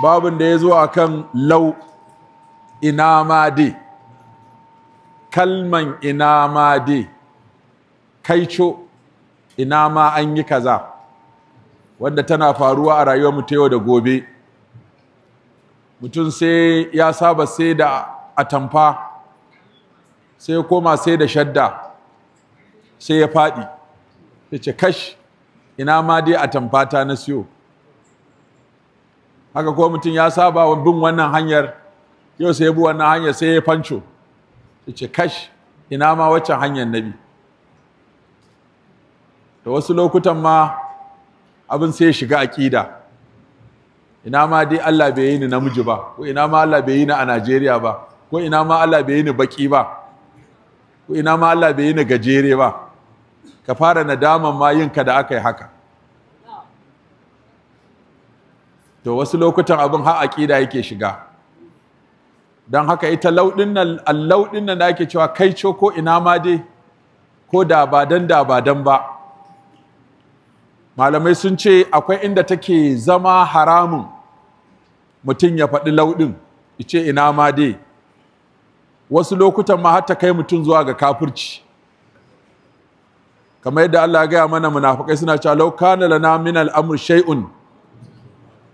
babin da ya zo a kan lau ina ma de. kalman ina ma de. kaico ina ma an yi kaza wanda tana faruwa a rayuwar mu yau da gobe mutum sai ya saba sai da atamfa sai ya koma sai da shadda sai ya faɗi ya ce kash ina ma dai atamfa ta na siyo haka ko mutum ya saba wa bin wannan hanyar yau sai ya bi wannan hanyar sai ya fanco ya ce kash ina ma waccan hanyar nabi da wasu lokutan ma abin sai ya shiga aƙida ina ma dai Allah bai yi ni namiji ba ko ina ma Allah bai yi ni a Najeriya ba ko ina ma Allah bai yi ni baki ba ko ina ma Allah bai yi ni gajere ba ka fara nadaman ma yin ka da aka yi haka to wasu lokutan abin har aqida yake shiga dan haka ita laudin nan laudin nan da ake cewa kai co ko ina ma dai ko da ba dan da ba dan ba malamai sun ce akwai inda take zama haramun mutum ya faɗi lauɗin ice ina ma dai wasu lokutan ma har ta kai mutum zuwa ga kafirci kamar yadda Allah ya gaya mana munafikai suna cewa law kana lana min al-amr shay'un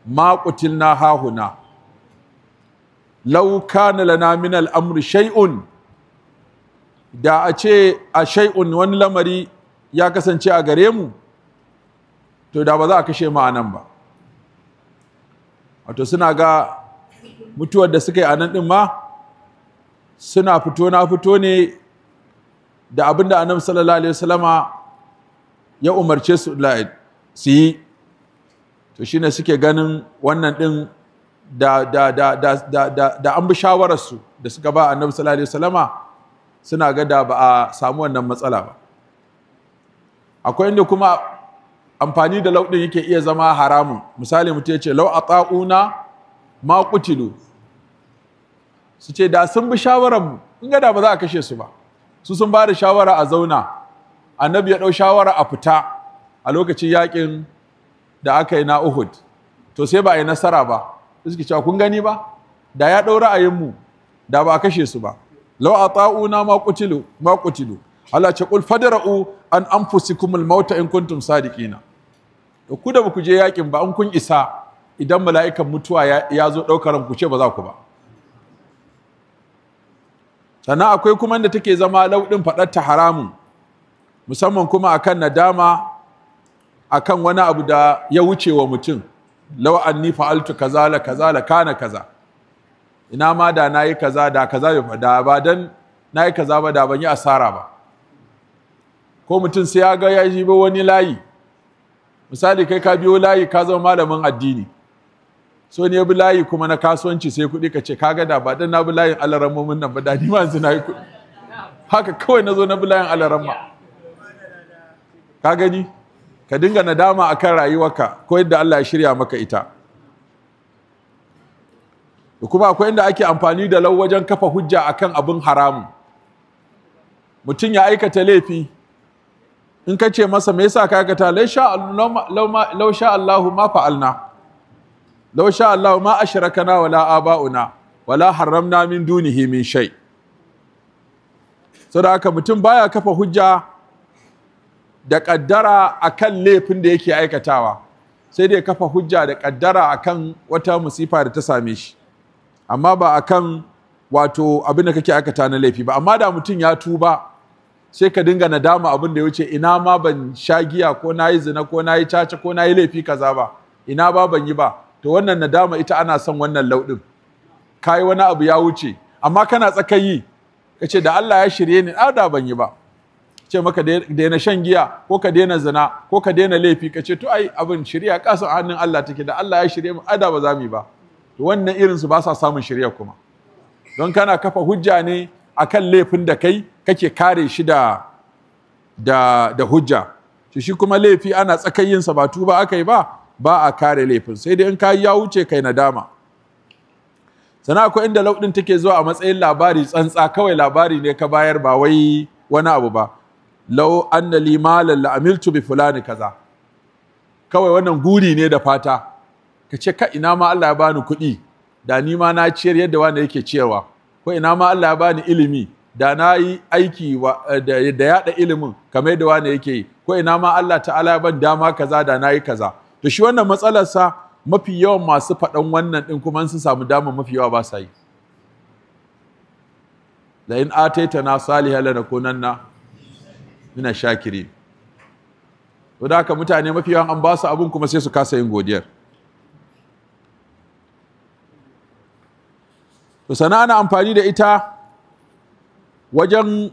ma na hahuna law kana lana min al shai'un. da a ce a shai'un wani lamari ya kasance a gare mu to da ba za a kashe mu anan ba wato suna ga mutuwar da suka yi anan ɗin ma suna fito na fito ne da abinda annabi sallallahu alaihi wasallama ya umarce su su yi to shine suke ganin wannan ɗin da da da da da an bi shawararsu da suka ba annabi sallallahu alaihi wasallama suna ga da ba a samu wannan matsala ba akwai inda kuma amfani da lauɗin yake iya zama haramun misali mutum ya ce lau a ta'una ma kutilu su ce da sun bi shawararmu in ga da ba za a kashe su ba su sun ba da shawara a zauna annabi ya ɗau shawara a fita a lokacin yaƙin da aka yi na Uhud to sai ba a yi nasara ba suke cewa kun gani ba da ya ɗaura ɗau mu. da ba a kashe su ba a ata'una ma qutilu ma qutilu Allah ce ƙul fadara'u an anfusikum kumul mauta in kuntum sadiqina Da ku da ku je yakin ba an kun isa idan mala'ikan mutuwa ya zo ɗaukar ku ce ba za ku ba sannan akwai kuma da take zama lauɗin faɗar ta haramun musamman kuma akan nadama akan wani abu da ya wuce wa mutum law ni fa'altu kaza la kaza la kana kaza ina ma da nayi kaza da kaza bai fada ba dan nayi kaza ba da ban yi asara ba ko mutum sai ya ga ya yi ba wani layi misali kai ka biyo layi ka zama malamin addini so ne bi layi kuma na kasuwanci sai kuɗi ka ce kaga da ba dan na bi layin alarammomin nan ba da ni ma yanzu na yi kuɗi haka kawai na zo na bi layin alaramma ka gani ka dinga nadama akan rayuwarka ko yadda Allah ya shirya maka ita kuma akwai inda ake amfani da lau wajen kafa hujja akan abin haramu. mutum ya aikata laifi in ka ce masa me yasa ka aikata lau sha Allahu ma fa'alna lau sha Allahu ma ashrakana wala aba'una wala haramna min dunihi min shay saboda haka mutum baya kafa hujja da kaddara a kan laifin da yake aikatawa sai dai kafa hujja da kaddara a kan wata musifa da ta same shi amma ba a kan wato abin da kake aikata na laifi ba amma da mutum ya tuba sai ka dinga nadama abin da ya wuce ina ma ban sha giya ko na yi zina ko na yi caca ko na yi laifi kaza ba ina ba ban yi ba to wannan nadama ita ana son wannan lauɗin ka wani abu ya wuce amma kana tsakayi ka ce da Allah ya shirye ni ada da ban yi ba ce maka daina shan giya ko ka daina zina ko ka daina laifi ka ce to ai abin shirya kasan hannun Allah take da Allah ya shirye mu ada ba za mu ba to wannan irin su ba sa samun shirya kuma don kana kafa hujja ne akan laifin da kai kake kare shi da da da hujja to shi kuma laifi ana tsakayin sa ba tuba akai ba ba a kare laifin sai dai in kai ya wuce kai nadama sana akwai inda laudin take zuwa a matsayin labari tsantsa kawai labari ne ka bayar ba wai wani abu ba lau anna li la'amiltu la tubi bi fulani kaza kawai wannan guri ne da fata ka ce ka ina ma Allah ya bani kuɗi da ni ma na ciyar yadda wani yake ciyarwa ko ina ma Allah ya bani ilimi da na yi aiki eh, da yaɗa ilimin kamar yadda wani yake yi ko ina ma Allah ta ya ban dama kaza da na yi kaza to shi wannan matsalarsa mafi yawan masu faɗan wannan ɗin kuma sun samu dama mafi yawa ba sa yi la in salihala na kunanna mina shakiri to da haka mutane mafi yawan an ba su abin kuma sai su kasa yin godiyar to sana ana amfani da ita wajen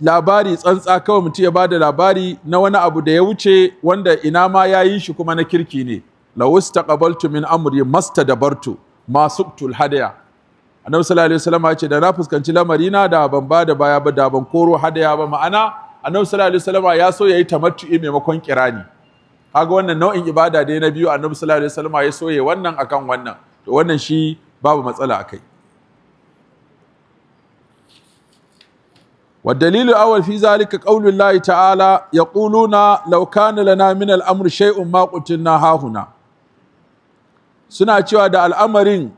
labari tsantsa kawai mutum ya bada labari na wani abu da ya wuce wanda ina ma ya yi shi kuma na kirki ne lawus taqabaltu min amri mastadabartu ma suktul hadaya annabi sallallahu alaihi wasallam ya ce da na fuskanci lamarina da ban ba da baya ba da ban koro hadaya ba ma'ana annabi sallallahu alaihi wasallama ya so yayi tamattu'i maimakon kirani kaga wannan nau'in ibada dai na biyu annabi sallallahu alaihi wasallama ya so yayi wannan akan wannan to wannan shi babu matsala akai والدليل الأول في ذلك قول الله تعالى يقولون لو كان لنا من الأمر شيء ما قتلنا hahuna. suna cewa da al'amarin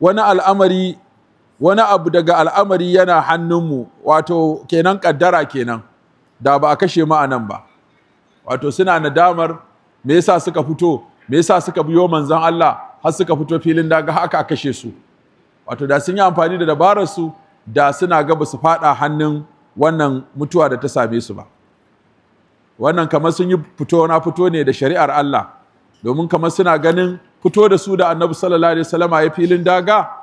wani al'amari wani abu daga al'amari yana hannunmu wato kenan kaddara kenan da ba a kashe mu anan ba wato suna nadamar me yasa suka fito me yasa suka biyo manzon Allah har suka fito filin daga haka a kashe su wato da sun yi amfani da dabarar su da suna ga ba su fada hannun wannan mutuwa da ta same su ba wannan kamar sun yi fito na fito ne da shari'ar Allah domin kamar suna ganin fito da su da Annabi sallallahu alaihi wasallam ya filin daga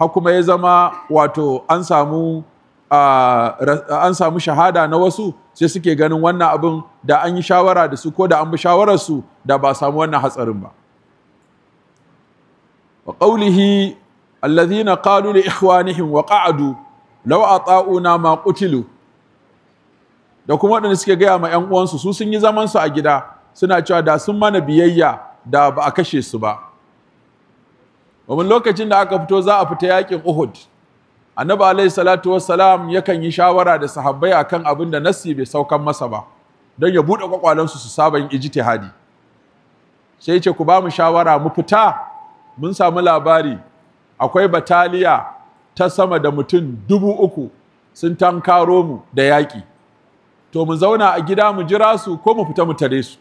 hakuma kuma ya zama wato an samu an samu shahada na wasu sai suke ganin wannan abin da an yi shawara da su ko da an bi su da ba samu wannan hatsarin ba wa qawlihi alladhina qalu li ikhwanihim wa qa'adu law ata'una ma qutilu da kuma wadanda suke gaya ma ƴan uwansu su sun yi zaman su a gida suna cewa da sun mana biyayya da ba a kashe su ba domin lokacin da aka fito za a fita yakin Uhud annabi alaihi salatu wassalam yakan yi shawara da sahabbai akan abin da nasi bai saukan masa ba don ya buɗe kwakwalansu su saba yin ijtihadi sai ce ku ba mu shawara mu fita mun samu labari akwai bataliya ta sama da mutum dubu uku sun tankaro mu da yaƙi to mu zauna a gida mu jira su ko mu fita mu tare su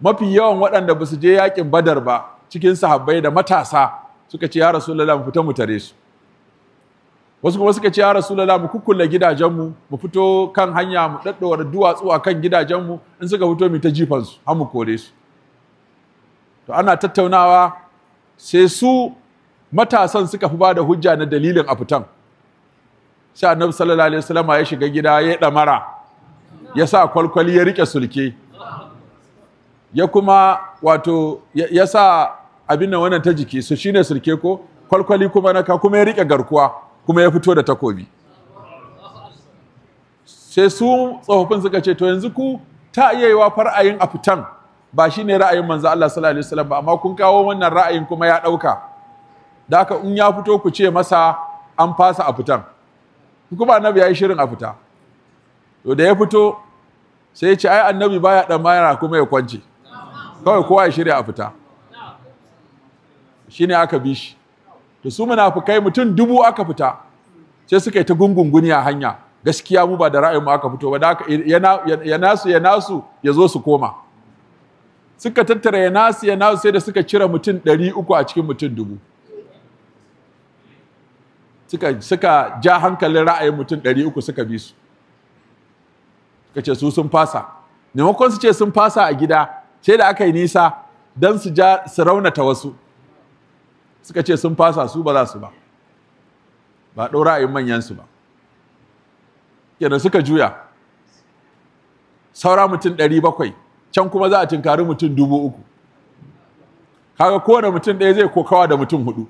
mafi yawan waɗanda ba su je yaƙin badar ba cikin sahabbai da matasa suka ce ya rasulullah mu fita mu tare su wasu kuma suka ce ya rasulullah mu kukkulla gidajenmu mu fito kan hanya mu daddawar duwatsu a kan gidajenmu in suka fito mu ta jifan su har mu kore su to ana tattaunawa sai su matasan suka fi bada hujja na dalilin a fitan sai annabi sallallahu alaihi wasallam ya shiga gida ya damara ya sa kwalkwali ya rike sulke ya kuma wato ya sa abin nan wannan ta jiki su shine sirke ko kwalkwali kuma na ka kuma ya rike garkuwa kuma ya fito da takobi sai su tsofaffin suka ce to yanzu ku ta iya yiwa far'ayin a fitan ba shine ra'ayin manzo Allah sallallahu alaihi wasallam ba amma kun kawo wannan ra'ayin kuma ya ɗauka. da haka in ya fito ku ce masa an fasa a fitan kuma annabi ya yi shirin a fita to da ya fito sai ya ce ai annabi baya dan mayara kuma ya kwance kawai kowa ya shirya a fita shi ne aka bi shi to su munafukai mutum dubu aka fita sai suka yi ta gungunguni a hanya gaskiya mu ba da ra'ayin mu aka fito ba da ya nasu ya nasu ya zo su koma suka tattara ya nasu ya nasu sai da suka cire mutum ɗari uku a cikin mutum dubu suka ja hankalin ra'ayin mutum ɗari uku suka bi su suka ce su sun fasa maimakon su ce sun fasa a gida sai da aka yi nisa don su ja su raunata wasu suka ce sun fasa su ba za su ba ba ɗau ra'ayin manyansu ba kenan suka juya saura mutum ɗari bakwai can kuma za a tinkari mutum dubu uku kaga kowane mutum ɗaya zai kokawa da mutum hudu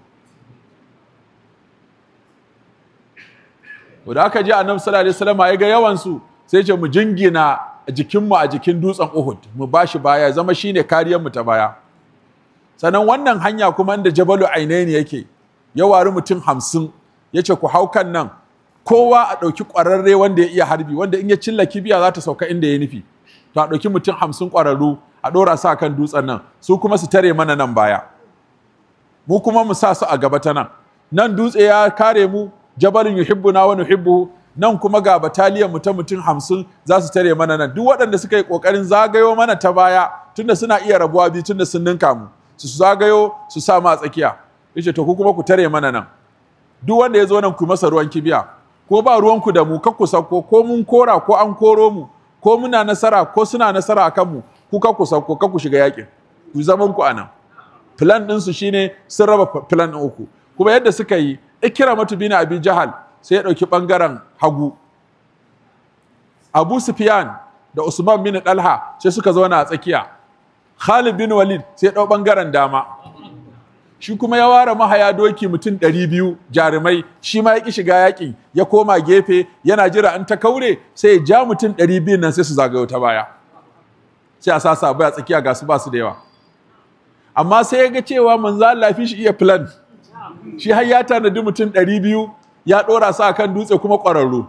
da aka je annabi sallallahu alaihi wasallam ya ga yawan su sai ce mu jingina jikinmu a jikin dutsen Uhud mu bashi baya zama shine kariyar mu ta baya sannan wannan hanya kuma inda jabalu ainaini yake ya wari mutum hamsin ya ce ku hau kan nan kowa a ɗauki ƙwararre wanda ya iya harbi wanda in ya cilla kibiya za ta sauka inda ya nufi to a ɗauki mutum hamsin ƙwararru a ɗora su a kan dutsen nan su kuma su tare mana nan baya mu kuma mu sa su a gaba ta nan nan dutse ya kare mu jabalin yuhibbuna wa nuhibbu nan kuma ga bataliyar mu ta mutum hamsin za su tare mana nan duk waɗanda suka yi ƙoƙarin zagayo mana ta baya tunda suna iya rabuwa biyu tunda sun ninka mu su zagayo su sa ma tsakiya yace to ku kuma ku tare mana nan duk wanda ya zo nan ku masa ruwan kibiya ko ba ruwan ku da mu ka ku sako ko mun kora ko an koro mu ko muna nasara ko suna nasara akan mu ku ka ku sako ka ku shiga yakin ku zaman ku anan plan din su shine sun raba plan din uku kuma yadda suka yi ikramatu matubina abi jahal sai ya dauki bangaren hagu abu sufyan da usman bin Talha sai suka zauna a tsakiya Khalid bin Walid sai ɗau ɓangaren dama. Shi kuma ya ware mahaya doki mutum ɗari biyu jarumai shi ma ya ƙi shiga yaƙin ya koma gefe yana jira an ta kaure sai ya ja mutum ɗari biyu nan sai su zagayo ta baya. Sai a sasa baya tsakiya ga su ba da yawa. Amma sai ya ga cewa manzo Allah fi shi iya plan. Shi har ya tanadi mutum ɗari biyu ya ɗora su kan dutse kuma ƙwararru.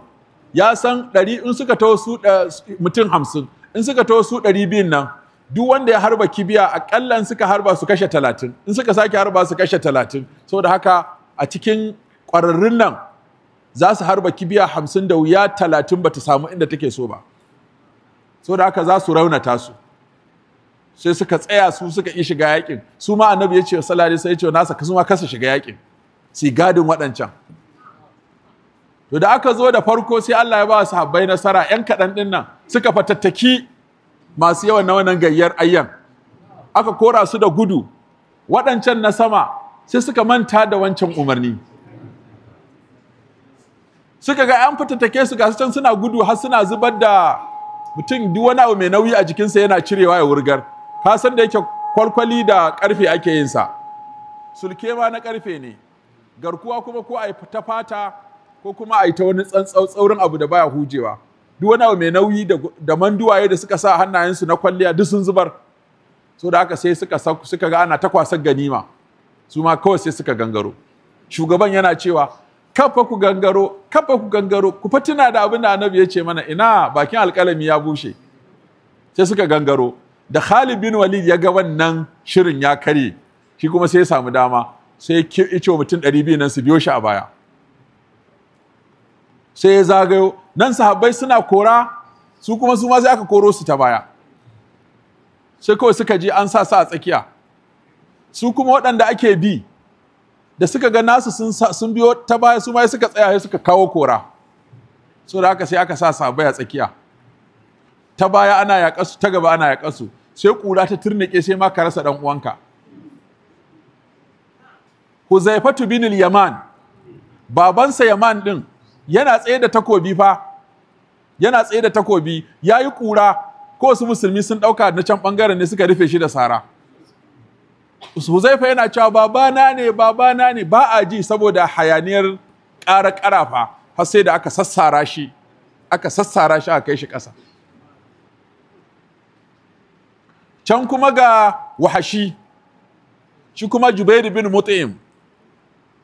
Ya san ɗari in suka taho su eh, mutum hamsin in suka taho su ɗari biyun nan duk wanda ya harba kibiya a ƙallan suka harba su kashe talatin in suka sake harba su kashe talatin saboda haka a cikin ƙwararrun nan za su harba kibiya hamsin da wuya talatin ba ta samu inda take so ba saboda haka za su raunata su sai suka tsaya su suka yi shiga yaƙin. su ma annabi ya ce salari sai ya ce nasa kasu ma kasa shiga yakin si gadin waɗancan to da aka zo da farko sai Allah ya ba su habbai nasara yan kaɗan ɗin nan suka fatattaki masu yawan na wannan gayyar ayyan aka kora su da gudu waɗancan na sama sai suka manta da wancan umarni suka ga an fitattake su ga can suna gudu har suna zubar da mutum duk wani abu mai nauyi a jikinsa yana cirewa ya wurgar ka san da yake kwalkwali da karfe ake yin sa sulke ma na karfe ne garkuwa kuma ko a ta fata ko kuma a yi ta wani tsantsaurin abu da baya hujewa duk wani abu mai nauyi da manduwaye da suka sa hannayensu na kwalliya duk sun zubar so da haka sai suka suka ga ana takwasar ganima su ma kawai sai suka gangaro shugaban yana cewa kafa ku gangaro kafa ku gangaro ku fatina da abin da annabi ya ce mana ina bakin alƙalami ya bushe sai suka gangaro da Khalid bin Walid ya ga wannan shirin ya kare shi kuma sai ya samu dama sai ya ce mutum 200 nan su biyo shi a baya sai ya zagayo nan sahabbai suna kora su kuma su ma sai aka koro su ta baya sai kawai suka je an sa su a tsakiya su kuma waɗanda ake bi da suka ga nasu sun biyo ta baya su ma suka tsaya sai suka kawo kora so da aka sai aka sa sahabbai a tsakiya ta baya ana yaƙa su ta gaba ana yaƙa su sai ƙura ta turnike sai ma ka rasa ɗan uwanka Huzaifatu bin Yaman babansa Yaman din yana tsaye da takobi fa yana tsaye da takobi ya yi ƙura ko su musulmi sun ɗauka na can ɓangaren ne suka rufe shi da sara huzaifa yana cewa babana ne babana ne ba a ji saboda hayaniyar ƙara ƙarafa har sai da aka sassara shi aka sassara shi aka kai shi ƙasa can kuma ga wahashi shi kuma jubairu bin mut'im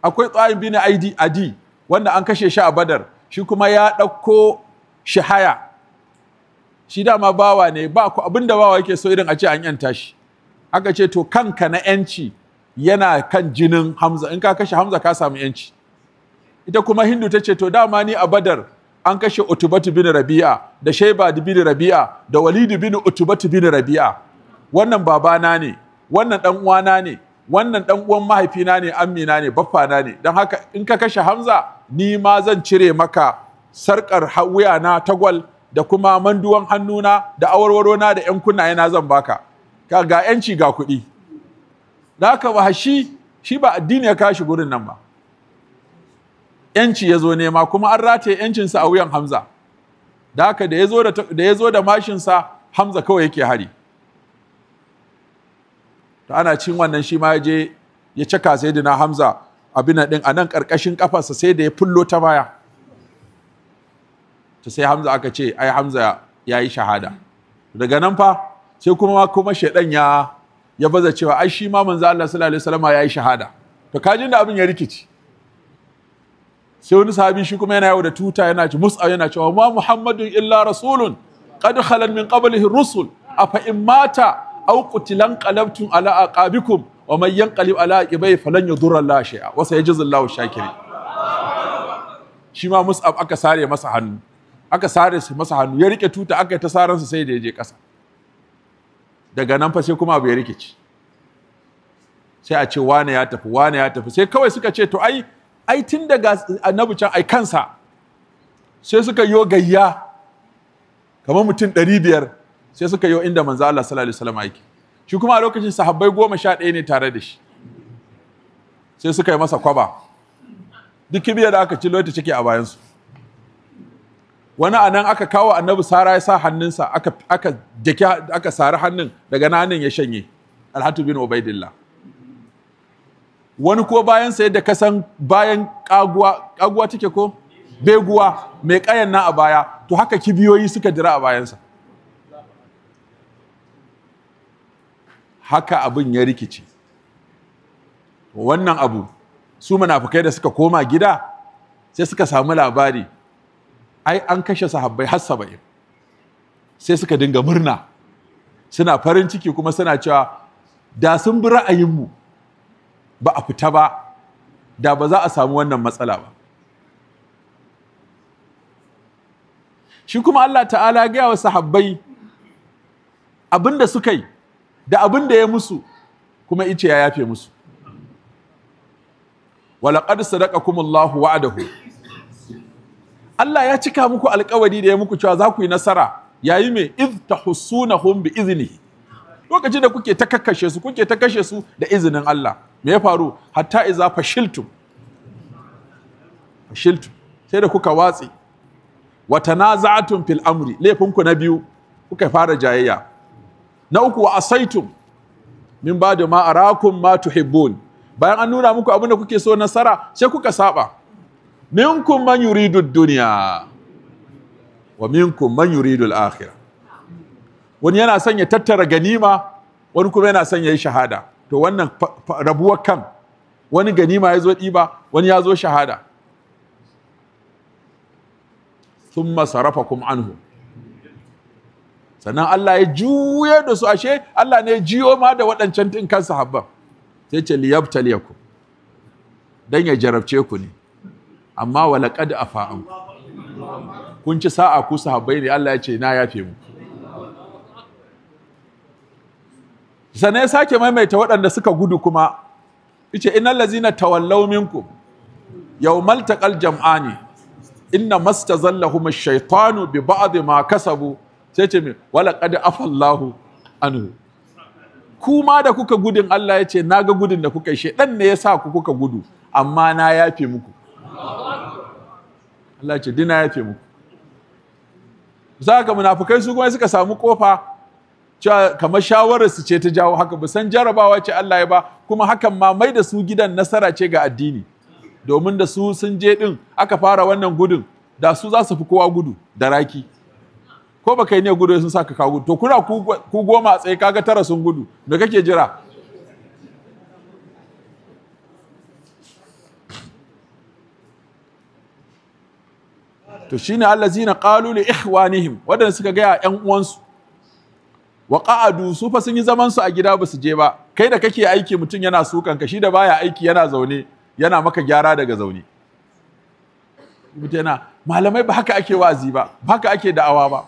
akwai tsayin bin id adi wanda an kashe shi a badar shi kuma ya ɗauko shahaya shi dama bawa ne ba ku abin bawa yake so irin a ce an yanta shi aka ce to kanka na yanci yana kan jinin hamza in ka kashe hamza ka samu yanci ita kuma hindu ta ce to dama ni a badar an kashe utubatu bin rabi'a da shaiba bin rabi'a da walidu bin utubatu bin rabi'a wannan babana ne wannan dan uwana ne wannan dan uwan mahaifina ne amina ne baffana ne don haka in ka kashe hamza ni ma zan cire maka sarƙar wuyana ta gwal da kuma manduwan hannuna da awarwaro na da 'yan yana zan baka ka ga 'yanci ga kuɗi da haka ba shi shi ba addini ya kashi gurin nan ba 'yanci ya zo nema kuma an rataye 'yancinsa a wuyan hamza da haka da ya zo da mashinsa hamza kawai yake hari ta ana cin wannan shi ma ya je ya caka sai hamza abina din a nan ƙarƙashin ƙafarsa sai da ya fullo ta baya ta sai hamza aka ce ai hamza ya yi shahada daga nan fa sai kuma kuma shaidan ya ya baza cewa ai shi ma manzo Allah sallallahu alaihi wasallam ya yi shahada to kajin da abin ya rikici sai wani sahabi shi kuma yana yawo da tuta yana ci musa yana cewa ma muhammadun illa rasulun qad khalan min qablihi rusul afa in mata aw qutilan qalabtum ala aqabikum wa man yanqalib ala aqibai falan yadurra Allah shay'a wa sayajizu Allahu shakirin shi ma Mus'ab aka sare masa hannu aka sare masa hannu ya rike tuta aka ta sa sai da yaje kasa. daga nan fa sai kuma abu ya rikici sai a ce wane ya tafi wane ya tafi sai kawai suka ce to ai ai tun daga annabi can ai kansa sai suka yo gayya kamar mutum 500 sai suka yo inda manzo Allah sallallahu alaihi wasallam yake shi kuma a lokacin sahabbai goma sha ɗaya ne tare da shi sai suka yi masa kwaba duk kibiya da aka cilo ta cike a bayansu wani a nan aka kawo annabi sara ya sa hannunsa aka aka sari hannun daga nanin ya shanye alhatu bin ubaidillah wani ko bayan sa yadda kasan bayan kaguwa kaguwa take ko beguwa mai kayan na a baya to haka kibiyoyi suka jira a bayansa haka abin ya rikice wannan abu su munafukai da suka koma gida sai suka samu labari ai an kashe sahabbai har saba'in sai suka dinga murna suna farin ciki kuma suna cewa da sun bi ra'ayinmu ba a fita ba da ba za a samu wannan matsala ba shi kuma Allah ta'ala gaya wa sahabbai abinda suka yi da abin da ya musu kuma ice ya yafe musu walaƙad sadaqakumullahu wa'adahu Allah ya cika muku alƙawari da ya muku cewa za ku yi nasara yayi me iz tahussunahum bi izini. lokacin da kuke ta kakkashe su kuke ta kashe su da izinin Allah me ya faru hatta iza fashiltum fashiltum sai da kuka watsi wa fil amri laifinku na biyu kuka fara jayayya na uku wa asaitum min ba da ma'arakun ma tuhibbun bayan an nuna muku abin da kuke so nasara sai kuka saba minkum man yuridu dunya wa minkum man yuridu al-akhirah wani yana son ya tattara ganima wani kuma yana son ya yi shahada to wannan rabuwar kan wani ganima ya zo ɗiba wani ya zo shahada sun masarafa kuma anhu sannan Allah ya juye da su ashe Allah ne jiyo ma da waɗancan tun kan sahabban sai ce liyabtaliyakum dan ya jarabce ku ne amma walaqad afa'an kun ci sa'a ku sahabbai ne Allah ya ce na yafe mu sannan ya sake maimaita waɗanda suka gudu kuma yace ina ladzina tawallaw minkum yawmal taqal jam'ani inna mastazallahum ash-shaytanu bi ba'd ma kasabu sai ce mai wala kada afallahu anu kuma da kuka gudun Allah ya ce na ga gudun da kuka yi dan ne ya sa ku kuka gudu amma na yafe muku Allah ce dina yafe muku za ka munafukai su kuma suka samu kofa kamar shawarar su ce ta jawo haka ba san jarabawa ce Allah ya ba kuma hakan ma mai da su gidan nasara ce ga addini domin da su sun je din aka fara wannan gudun da su za su fi kowa gudu da raki ko baka yi ne gudu sun saka ka gudu to kuna ku goma tsaye kaga tara sun gudu da kake jira to shine allazina qalu li ihwanihim wadanda suka gaya yan uwansu wa qa'adu su fa sun yi zaman su a gida basu je ba kai da kake aiki mutum yana sukan ka shi da baya aiki yana zaune yana maka gyara daga zaune malamai ba haka ake wazi ba ba haka ake da'awa ba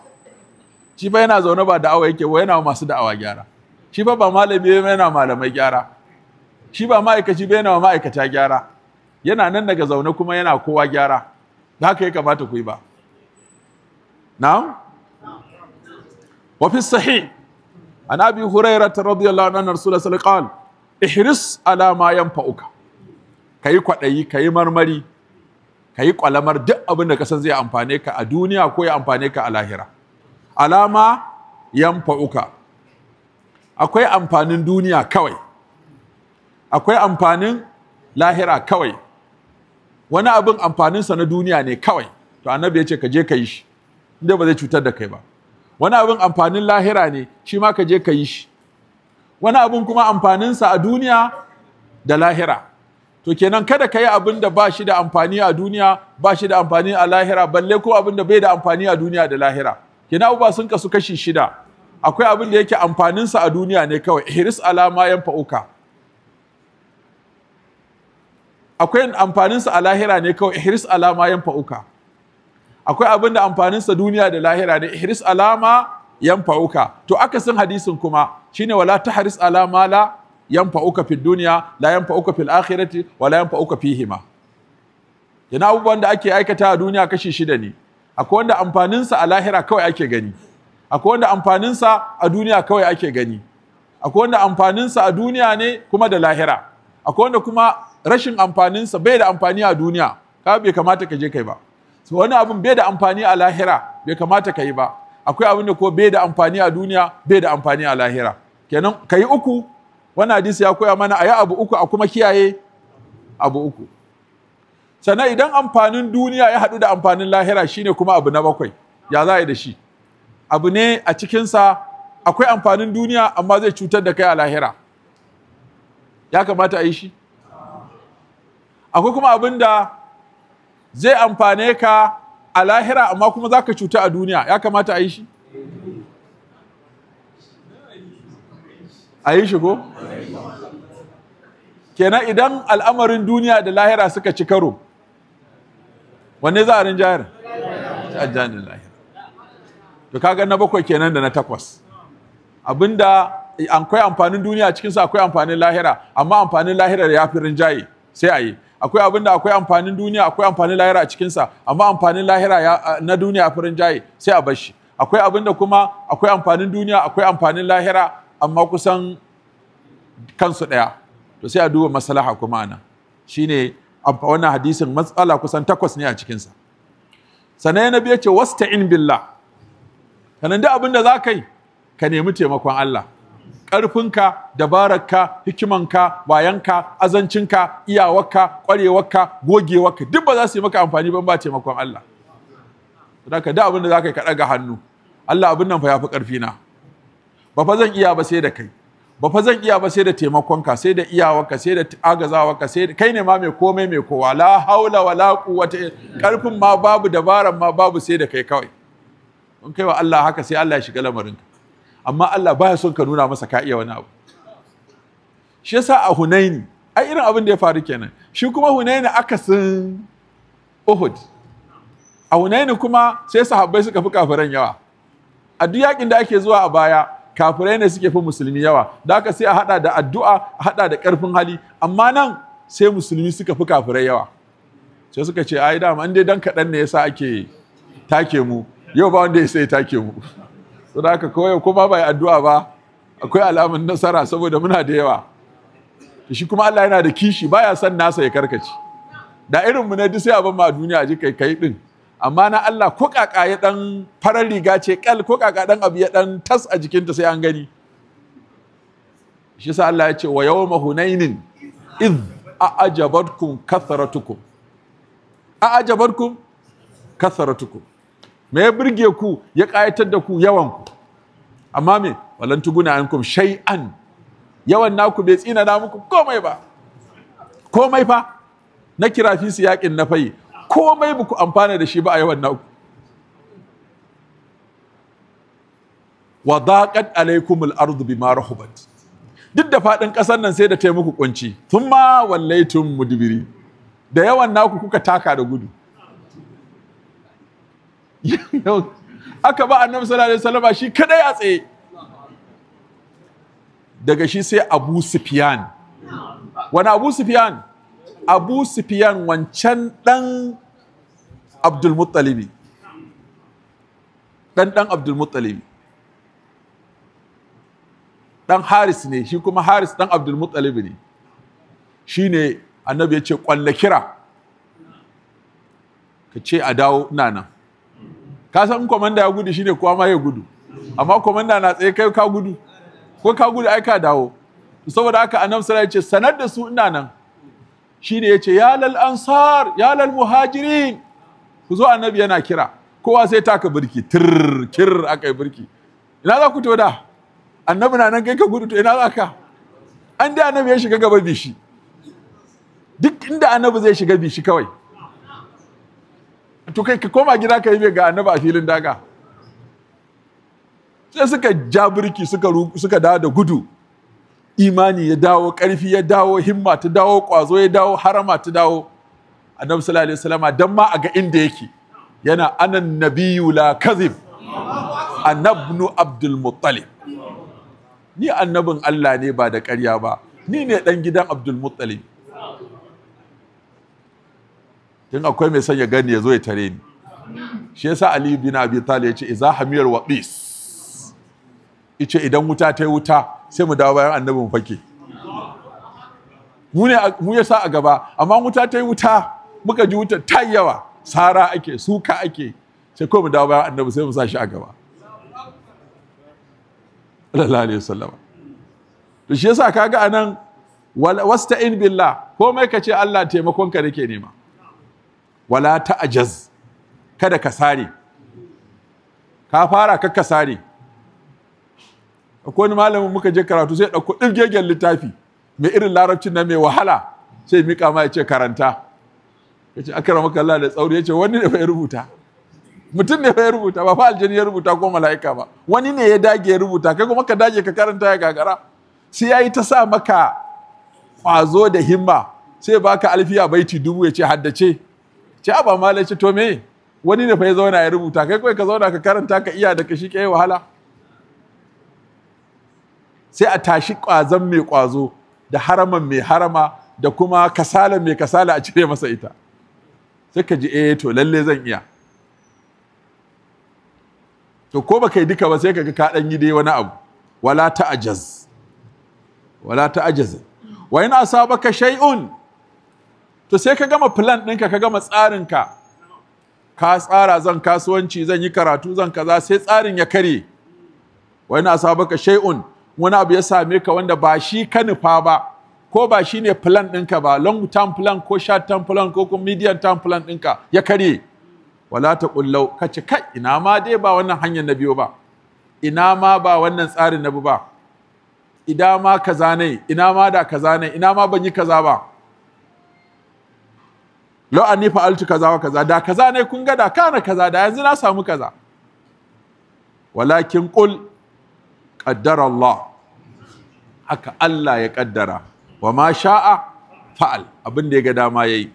shi fa yana zaune ba da'awa yake ba yana masu da'awa gyara shi fa ba malami ba yana malamai gyara shi ba ma'aikaci ba yana ma'aikata gyara yana nan daga zaune kuma yana kowa gyara da haka ya kamata ku yi ba na'am wa fi sahih an abi ta radiyallahu anhu rasulullah sallallahu alaihi wasallam ihris ala ma yanfa'uka kayi kwadayi kayi marmari kayi kwalamar duk abin da ka san zai amfane ka a duniya ko ya amfane ka a lahira alama yan fauka. akwai amfanin duniya kawai akwai amfanin lahira kawai wani abin amfaninsa na duniya ne kawai to annabi ya ce ka je ka yi shi inda ba zai cutar da kai ba wani abin amfanin lahira ne shi ma ka je ka yi shi wani abin kuma amfaninsa a duniya da lahira to kenan kada ka yi abin da ba shi da amfani a duniya ba shi da amfani a lahira balle ko abin da bai da amfani a duniya da lahira kina uba sun kasu kashi shida akwai abin da yake amfaninsa a duniya ne kawai hiris alama yan fa'uka akwai amfaninsa a lahira ne kawai hiris alama yan fa'uka akwai abin da amfaninsa duniya da lahira ne hiris alama yan fa'uka to akasin hadisin kuma shine wala ta haris alama la yan fa'uka fi duniya la yan fa'uka fil akhirati wala yan fa'uka fihima yana abubuwan da ake aikata a duniya kashi shida ne akwai wanda amfaninsa a lahira kawai ake gani akwai wanda amfaninsa a duniya kawai ake gani akwai wanda amfaninsa a duniya ne kuma da lahira akwai wanda kuma rashin amfaninsa bai da amfani a duniya ka bai kamata ka je kai ba so wani abin bai da amfani a lahira bai kamata ka yi ba akwai abin da ko bai da amfani a duniya bai da amfani a lahira kenan ka uku wani hadisi ya koya mana a yi abu uku a kuma kiyaye abu uku sannan idan amfanin duniya ya haɗu da amfanin lahira shine kuma abu na bakwai ya za a yi da shi abu ne a cikinsa akwai amfanin duniya amma zai cutar da kai a lahira ya kamata a yi shi akwai kuma abin da zai amfane ka a lahira amma kuma za ka cuta a duniya ya kamata a yi shi a yi shi ko kenan idan al'amarin duniya da lahira suka ci karo wanne za a rinjayar ajanin lahira to kaga na bakwai kenan da na takwas abinda akwai amfanin duniya a cikinsa akwai amfanin lahira amma amfanin lahira ya fi rinjaye sai a yi akwai abinda akwai amfanin duniya akwai amfanin lahira a cikinsa amma amfanin lahira na duniya fi rinjaye sai a bar shi akwai abinda kuma akwai amfanin duniya akwai amfanin lahira amma kusan kansu ɗaya to sai a duba maslaha kuma ana shine wannan hadisin matsala kusan takwas ne a cikinsa sannan na biya ce wasta in billah sannan da abin da za ka yi ka nemi taimakon Allah ƙarfinka dabararka hikimanka bayanka azancinka iyawarka ƙwarewarka gogewarka duk ba za su yi maka amfani ban ba taimakon Allah ka da abin za ka yi ka ɗaga hannu Allah abin nan fa ya fi ƙarfina ba fa zan iya ba sai da kai ba fa zan iya ba sai da taimakonka sai da iyawarka sai da agazawarka sai da kai ne ma mai komai mai kowa la haula wala quwwata karfin ma babu dabaran ma babu sai da kai kawai in kai wa Allah haka sai Allah ya shiga lamarinka amma Allah baya son ka nuna masa ka iya wani abu shi yasa a Hunaini ai irin abin da ya faru kenan shi kuma Hunaini akasin Uhud a Hunaini kuma sai sahabbai suka fi kafiran yawa a duk yakin da ake zuwa a baya kafirai ne suke fi musulmi yawa da haka sai a hada da addu'a a hada da karfin hali amma nan sai musulmi suka fi kafirai yawa sai suka ce ai dama dai dan kaɗan ne yasa ake take mu yau ba wanda ya sai take mu Da haka kawai kuma ba addu'a ba akwai alamun nasara saboda muna da yawa shi kuma Allah yana da kishi baya son nasa ya karkace da irin mu ne duk sai abin ma duniya ji kai kai din amma na Allah ko kaka ya dan farar riga ce kal ko kaka dan abu ya dan tas a jikinta sai an gani shi sa Allah ya ce wa yawma hunainin id a'jabatkum kathratukum a'jabatkum kathratukum me ya burge ku ya kayatar da ku yawan ku amma me walan tuguna ankum shay'an yawan naku bai tsina na muku komai ba komai fa na kirafi su yakin na fayi komai ba ku amfana da shi ba a yawan naku wa daqat alaikumul ardu bima rahubat duk da faɗin ƙasar nan sai da ta muku kunci tun ma mudbiri. da yawan naku kuka taka da gudu aka ba annabi sallallahu alaihi wasallam shi kadai a tsaye daga shi sai abu sufyan wani abu sufyan abu sufyan wancan dan abdulmuttalibi Ɗanɗan Abdul abdulmuttalibi ɗan haris ne shi kuma haris ɗan abdulmuttalibi ne shi ne annabi ya ce ƙwalla kira ka ce a dawo ina nan ka san kwamanda ya gudu shi kowa ma ya gudu amma kwamanda na tsaye kai ka gudu ko ka gudu ai ka dawo saboda haka annabi sallallahu ya ce sanar da su ina nan Shi ne ya lal ansar ya lal muhajirin ku zo annabi yana kira kowa sai taka birki tir kir aka yi birki ina za ku to da annabi na nan kai ka gudu to ina za ka an da annabi ya shiga gaba bishi duk inda annabi zai shiga bishi kawai to kai ka koma gida ka yi ga annabi a filin daga sai suka ja birki suka suka dawo da gudu imani ya dawo ƙarfi ya dawo himma ta dawo ƙwazo ya dawo harama ta dawo annabi sallallahu alaihi wasallama dan ma a ga inda yake yana anan nabiyyu la kadhib annabnu abdul muttalib ni annabin Allah ne ba da ƙarya ba ni ne dan gidan abdul muttalib tun akwai mai son ya gani ya zo ya tare ni shi yasa ali bin abi talib ya ce idza hamiyar waqis yace idan wuta ta yi wuta sai mu dawo bayan annabin fake mu ne mu yasa a gaba amma wuta ta yi wuta muka ji wuta ta yawa sara ake suka ake sai ko mu dawo bayan annabi sai mu sa shi a gaba sallallahu alaihi wasallam to shi yasa kaga anan wasta'in billah komai ka ce Allah taimakon ka nake nema wala ta'jaz kada ka sare ka fara ka kasare. sare akwai malamin muka je karatu sai ɗauko dirgegen littafi mai irin larabcin na mai wahala sai mika ma ya ce karanta yace ce akara makalla da tsauri ya wani ne bai rubuta mutum ne bai rubuta ba fa aljini ya rubuta ko mala'ika ba wani ne ya dage ya rubuta kai kuma ka dage ka karanta ya gagara sai yayi ta sa maka kwazo da himma sai baka alfiya baiti dubu ya ce haddace ce aba malai ce to me wani ne fa ya zauna ya rubuta kai kai ka zauna ka karanta ka iya da ka kai wahala sai a tashi kwazon mai kwazo da haraman mai harama da kuma kasala mai kasala a cire masa ita sai ka ji eh to lalle zan iya to ko baka yi duka ba sai kaga ka dan yi dai wani abu wala ta'ajaz wala ta'ajaz wa in asabaka shay'un to sai ka gama plan ɗinka ka gama tsarin ka ka tsara zan kasuwanci zan yi karatu zan kaza sai tsarin ya kare wa in asabaka shay'un wani abu ya same ka wanda ba shi ka nufa ba ko ba shi ne plan ɗinka ba long term plan ko short term plan ko kuma medium term plan ɗinka ya karye wala ta kullau kace kai ina ma dai ba wannan hanyar na biyo ba ina ma ba wannan tsarin na bi ba ina ma kaza ne ina ma da kaza ne ina ma ban yi kaza ba lau an nifa altu kaza wa kaza da kaza ne kun ga da kana kaza da yanzu na samu kaza walakin qul qaddara Allah haka Allah ya kaddara wa ma sha'a fa'al abin da ya ga dama ya yi.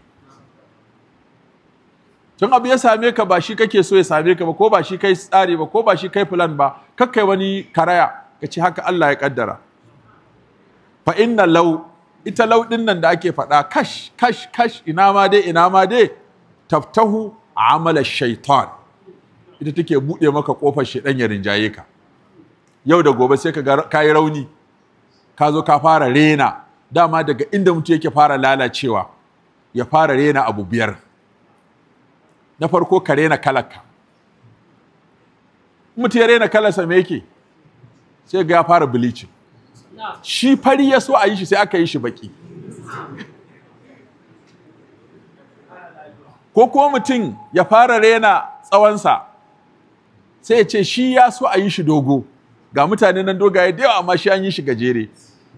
tun abu ya same ka ba shi kake so ya same ka ba ko ba shi kai tsari ba ko ba shi kai plan ba kakai wani karaya ka ce haka Allah ya kaddara fa inna law ita law din nan da ake faɗa kash kash kash ina ma dai ina ma dai taftahu amala shaitan ita take buɗe maka kofar shaidan ya rinjaye ka yau da gobe sai ka ga kayi rauni ka zo ka fara rena dama daga inda mutum yake fara lalacewa ya fara rena abu biyar na farko ka rena kalarka mutum ya rena kalarsa me yake sai ga ya fara bleaching shi fari ya so a yi shi sai aka yi shi baki ko ko mutum ya fara rena tsawonsa sai ya ce shi ya so a yi shi dogo ga mutane nan dogaye da yawa amma shi an yi shi gajere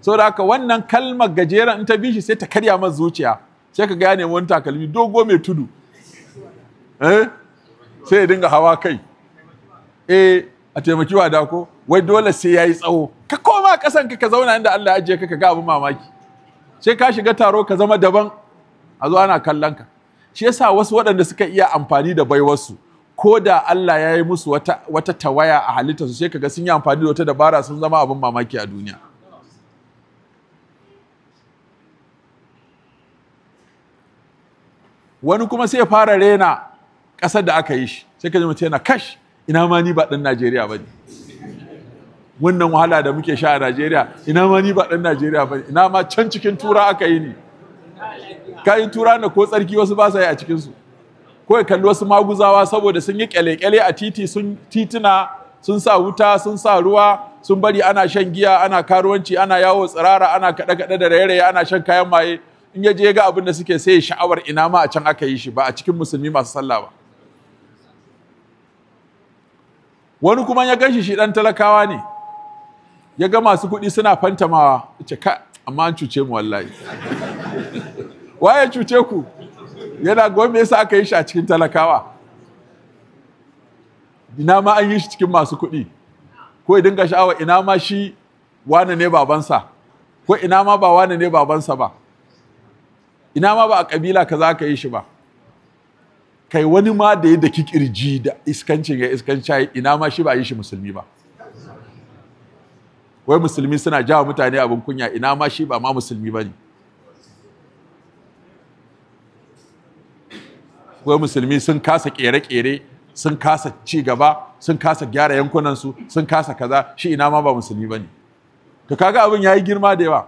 saboda haka wannan kalmar gajeren in ta bi shi sai ta karya masa zuciya sai ka gane wani takalmi dogo mai tudu eh sai ya dinga hawa kai eh a taimaki wa dako wai dole sai yayi tsawo ka koma kasan ka zauna inda Allah ya ajiye ka ka ga abin mamaki sai ka shiga taro ka zama daban a zo ana kallon ka shi yasa wasu waɗanda suka iya amfani da baiwarsu ko da Allah ya yi musu wata, wata tawaya a halittarsu sai kaga sun yi amfani da wata dabara sun zama abin mamaki a duniya wani kuma sai ya fara rena ƙasar da aka yi shi sai ka ji mutum yana kash ina ma ni ba ɗan Najeriya ba ne wannan wahala da muke sha a Najeriya ina ma ni ba ɗan Najeriya ba ne ina ma can cikin tura aka yi ni kayan tura na ko tsarki wasu ba sa yi a cikinsu ko ya kalli wasu maguzawa saboda sun yi kyale-kyale a titi sun tituna sun sa wuta sun sa ruwa sun bari ana shan giya ana karuwanci ana yawo tsirara ana kaɗe-kaɗe da raye-raye ana shan kayan maye in ya je ya ga abin da suke sai sha'awar ina ma a can aka yi shi ba a cikin musulmi masu sallah ba wani kuma ya gan shi shi dan talakawa ne ya ga masu kuɗi suna fantamawa ce ka amma an cuce mu wallahi waye cuce ku yana gwamnati yasa aka yi shi a cikin talakawa ina ma an yi shi cikin masu kuɗi ko idan ga sha'awa ina ma shi wane ne babansa ko ina ma ba wane ne babansa ba ina ma ba a kabila kaza ka yi shi ba kai wani ma da ya da kirji da iskancin ya iskanci ina ma shi ba yi shi musulmi ba wai musulmi suna jawa mutane abin kunya ina ma shi ba ma musulmi ba ne wai musulmi sun kasa kere-kere sun kasa ci gaba sun kasa gyara yankunansu sun kasa kaza shi ina ma ba musulmi ba ne to kaga abin ya yi girma da yawa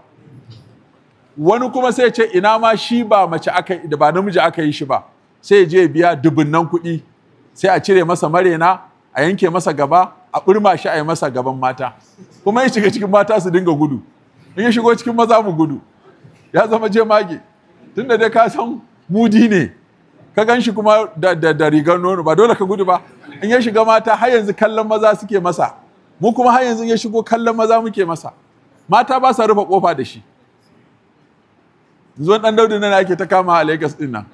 wani kuma sai ce ina ma shi ba mace aka da ba namiji aka yi shi ba sai je ya biya dubunnan kuɗi sai a cire masa marena a yanke masa gaba a ɓirma shi a yi masa gaban mata kuma ya shiga cikin mata su dinga gudu in ya shigo cikin maza mu gudu ya zama jemage tunda dai ka san mudi ne ka gan shi kuma da, da, rigar nono ba dole ka gudu ba in ya shiga mata har yanzu kallon maza suke masa mu kuma har yanzu ya shigo kallon maza muke masa mata ba sa rufe kofa da shi zuwan dan daudu nan ake ta kama a Lagos din nan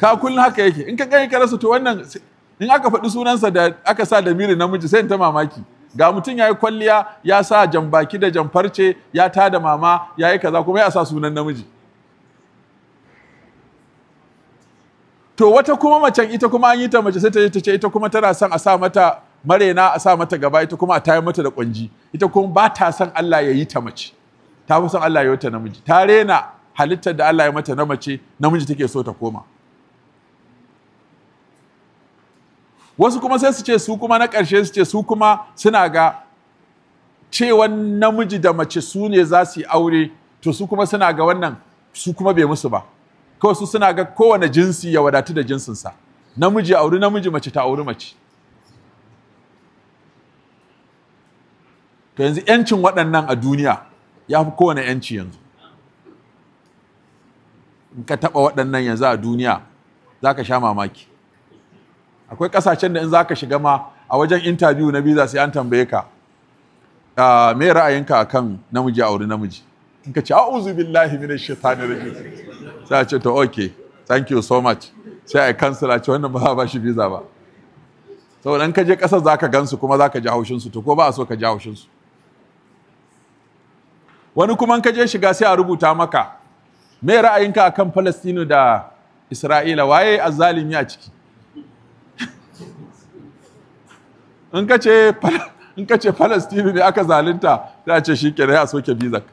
ka kullun haka yake in ka gani ka rasa to wannan in aka faɗi sunansa da aka sa da miri namiji sai ta mamaki ga mutum ya yi kwalliya ya sa jambaki da jamfarce ya ta da mama ya yi kaza kuma ya sa sunan namiji to wata kuma macen ita kuma an yi ta mace sai ta ta ce ita kuma tana son a sa mata marena a sa mata gaba ita kuma a tayar mata da kwanji ita kuma ba ta son Allah ya yi ta mace ta fi son Allah ya yi ta namiji ta rena halittar da Allah ya mata na mace namiji take so ta koma wasu kuma sai su ce su kuma na ƙarshe su ce su kuma suna ga cewan namiji da mace su ne za su yi aure to su kuma suna ga wannan su kuma bai musu ba kawai su suna ga kowane jinsi ya wadatu da jinsinsa namiji auri namiji mace ta auri mace to yanzu 'yancin waɗannan a duniya ya fi kowane 'yanci yanzu in ka taɓa waɗannan yanzu a duniya za ka sha mamaki akwai ƙasashen da in za ka shiga ma a wajen intabiyu na biza sai an tambaye ka ah, me ra'ayinka akan namiji a wuri namiji in ka ce a'udhu billahi minash shaitani rajim sai a ce to okay thank you so much sai a cancel a ce wannan ba ba shi biza ba saboda in ka je ƙasar za ka gansu kuma za ka ji haushinsu to ko ba a so ka ji haushinsu wani kuma in ka je shiga sai a rubuta maka me ra'ayinka kan Falastinu da Isra'ila waye azzalimi a ciki in ka ce in ka ce Falastinu ne aka zalunta Ta ce shi ke a soke bizak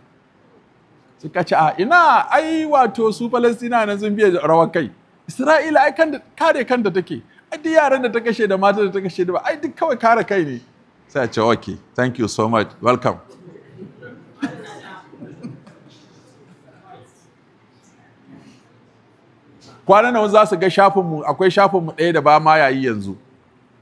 suka ce a ina ai wato su Falastina na sun biya rawar kai Isra'ila ai kare kan da take ai duk yaran da ta kashe da mata da ta kashe da ba ai duk kawai kare kai ne sai a ce okay thank you so much welcome kwana nawa za su ga shafinmu akwai shafinmu ɗaya da ba ma yayi yanzu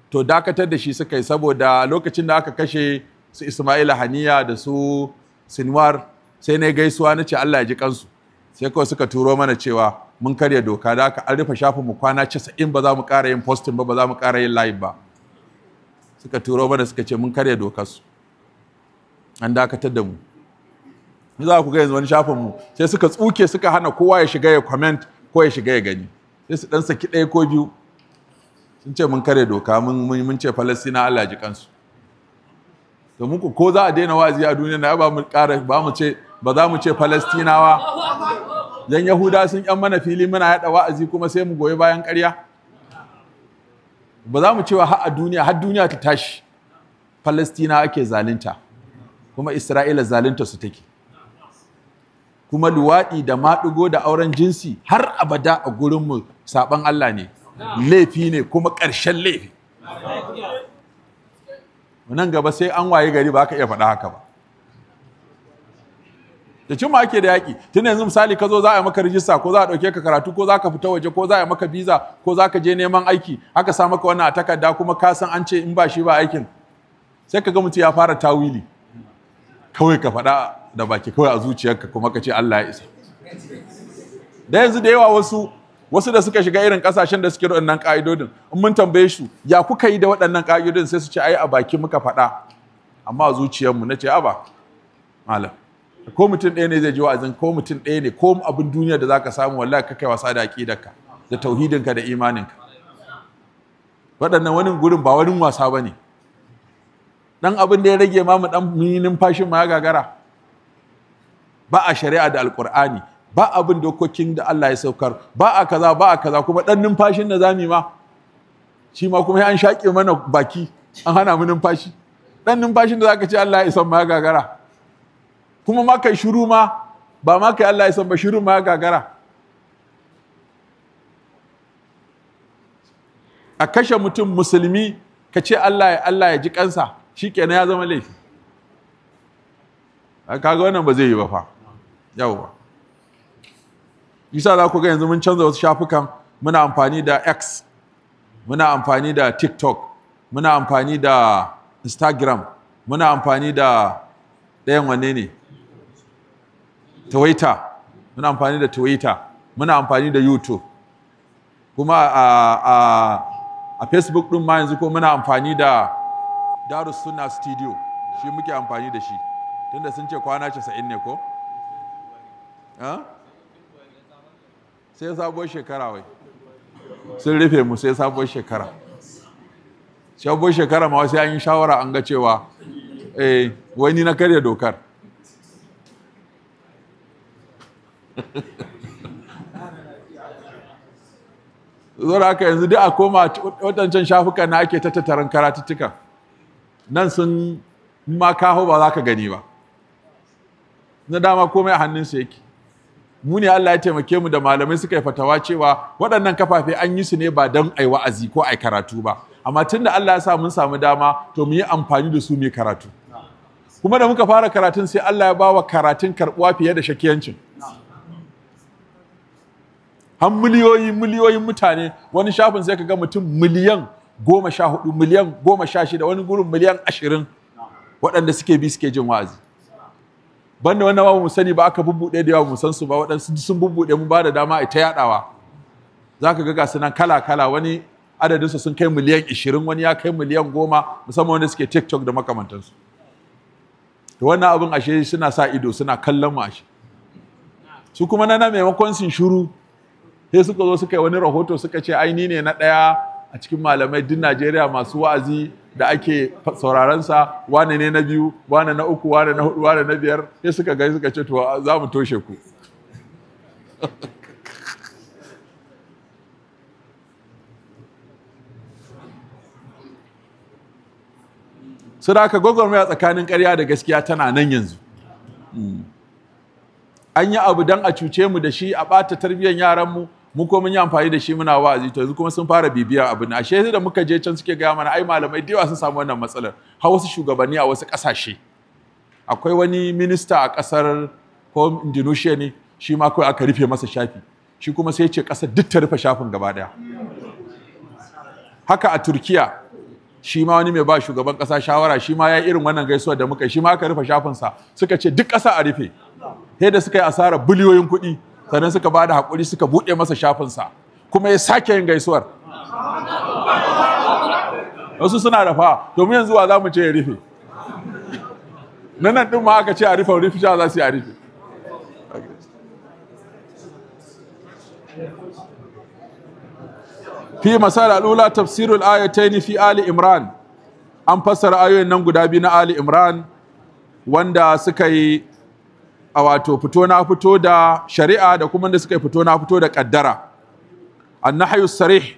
to dakatar da shi suka yi saboda lokacin da aka kashe su Ismaila Haniya da su Sinwar sai na gaisuwa na ce Allah ya ji kansu sai kawai suka turo mana cewa mun karya doka da aka an rufe shafin mu kwana 90 ba za mu ƙara yin posting ba ba za mu ƙara yin live ba suka turo mana suka ce mun karya dokar su an dakatar da mu za ku ga yanzu wani shafin mu sai suka tsuke suka hana kowa ya shiga ya comment ko ya shiga ya gani sai su dan saki ɗaya ko biyu sun ce mun kare doka mun mun ce falastina Allah ji kansu to muku ko za a daina wazi a duniya na ba mu ƙara ba mu ce ba za mu ce falastinawa dan yahuda sun yan mana fili muna yada wa'azi kuma sai mu goyi bayan ƙarya ba za mu cewa har a duniya har duniya ta tashi falastina ake zalunta kuma isra'ila zalunta su take kuma luwaɗi da maɗigo da auren jinsi har abada a gurinmu saɓan Allah ne laifi ne kuma ƙarshen laifi nan gaba sai an waye gari ba ka iya faɗa haka ba da cimma ake da yaƙi tun yanzu misali ka zo za a yi maka rijista ko za a ɗauke ka karatu ko za ka fita waje ko za a yi maka biza ko za ka je neman aiki aka sa maka wannan a takarda kuma ka san an ce in ba shi ba aikin sai ka ga mutum ya fara tawili kawai ka faɗa da ba ke kawai a zuciyarka kuma ka ce Allah ya isa da yanzu da yawa wasu wasu da suka shiga irin kasashen da suke da waɗannan ƙa'idodin in mun tambaye su ya kuka yi da waɗannan ƙa'idodin sai su ce ai a baki muka faɗa amma a zuciyarmu na ce a ba malam ko mutum ɗaya ne zai ji wa'azin ko mutum ɗaya ne ko abin duniya da zaka samu wallahi ka kai wasa da aqidarka da tauhidinka da imaninka waɗannan wani gurin ba wani wasa bane dan abin da ya rage ma mu dan numfashin ma gagara ba a shari'a da alkur'ani ba abin dokokin da Allah ya saukar ba a kaza ba a kaza kuma dan numfashin da zamu ma shi ma kuma an shaƙe mana baki an hana mu numfashi dan numfashin da zaka ce Allah ya san ma gagara kuma ma kai shiru ma ba ma kai Allah ya san ba shiru ma gagara a kashe mutum musulmi ka ce Allah ya Allah ya ji kansa shikenan ya zama laifi kaga wannan ba zai yi ba fa yawwa yasa za ku ga yanzu mun canza wasu shafukan muna amfani da x muna amfani da tiktok muna amfani da instagram muna amfani da ɗayan wanne ne twitter muna amfani da twitter muna amfani da youtube kuma a, a facebook ɗin ma yanzu ko muna amfani da darus studio shi muke amfani da shi tunda sun ce kwana 90 ne ko sai sabuwar shekara wai sun rufe mu sai sabuwar shekara sabuwar shekara ma sai an yi shawara an ga cewa eh wani na karya dokar zuwa haka yanzu duk a koma waɗancan shafuka na ake ta karatuttuka. nan sun ma kaho ba za ka gani ba na dama komai a hannun su yake mu ne Allah ya taimake mu da malamai suka yi fatawa cewa waɗannan kafafe an yi su ne ba don ai wa'azi ko a yi karatu ba amma tun da Allah ya sa mun samu dama to mu yi amfani da su mu karatu kuma da muka fara karatun sai Allah ya bawa karatun karbuwa fiye da shakiyancin har miliyoyi miliyoyin mutane wani shafin sai ka ga mutum miliyan goma sha hudu miliyan goma sha shida wani gurin miliyan ashirin waɗanda suke bi suke jin wa'azi banda wannan babu mu sani ba aka bubbude da yawa mu san su ba waɗansu sun bubbude mu ba da dama a ta yaɗawa za ka ga gasu nan kala kala wani su sun kai miliyan ishirin wani ya kai miliyan goma musamman wanda suke tiktok da makamantansu to wannan abin ashe suna sa ido suna kallon mu ashe su kuma nana maimakon sun shuru sai suka zo suka yi wani rahoto suka ce ai ni ne na ɗaya a cikin malamai duk Najeriya masu wa'azi da ake sauraron sa wane ne na biyu wane na uku wane na hudu wane na biyar sai suka gani suka ce to za mu toshe ku su da gwagwarmaya tsakanin karya da gaskiya tana nan yanzu mm. an yi abu don a cuce mu da shi a ɓata tarbiyyar yaranmu mu ko mun yi amfani da shi muna wa'azi to yanzu kuma sun fara bibiya abin na ashe da muka je can suke gaya mana ai malamai da yawa sun samu wannan matsalar har wasu shugabanni a wasu ƙasashe akwai wani minista a ƙasar ko Indonesia ne shi ma kawai aka rufe masa shafi shi kuma sai ce ƙasar duk ta rufe shafin gaba ɗaya haka a Turkiya shi ma wani mai ba shugaban ƙasa shawara shi ma ya yi irin wannan gaisuwa da muka shi ma aka rufe shafinsa suka ce duk ƙasa a rufe sai da suka yi asara biliyoyin kuɗi sannan suka ba da haƙuri suka buɗe masa shafinsa kuma ya sake yin gaisuwar wasu suna da fa domin yanzu wa za mu ce ya rufe nan ɗin ma aka ce a rufe rufe sha za su yi a rufe fi masala lula tafsirul ayataini fi ali imran an fassara ayoyin nan guda biyu na ali imran wanda suka yi a wato fito na fito da shari'a da kuma da suka fito na fito da kaddara hayu sarih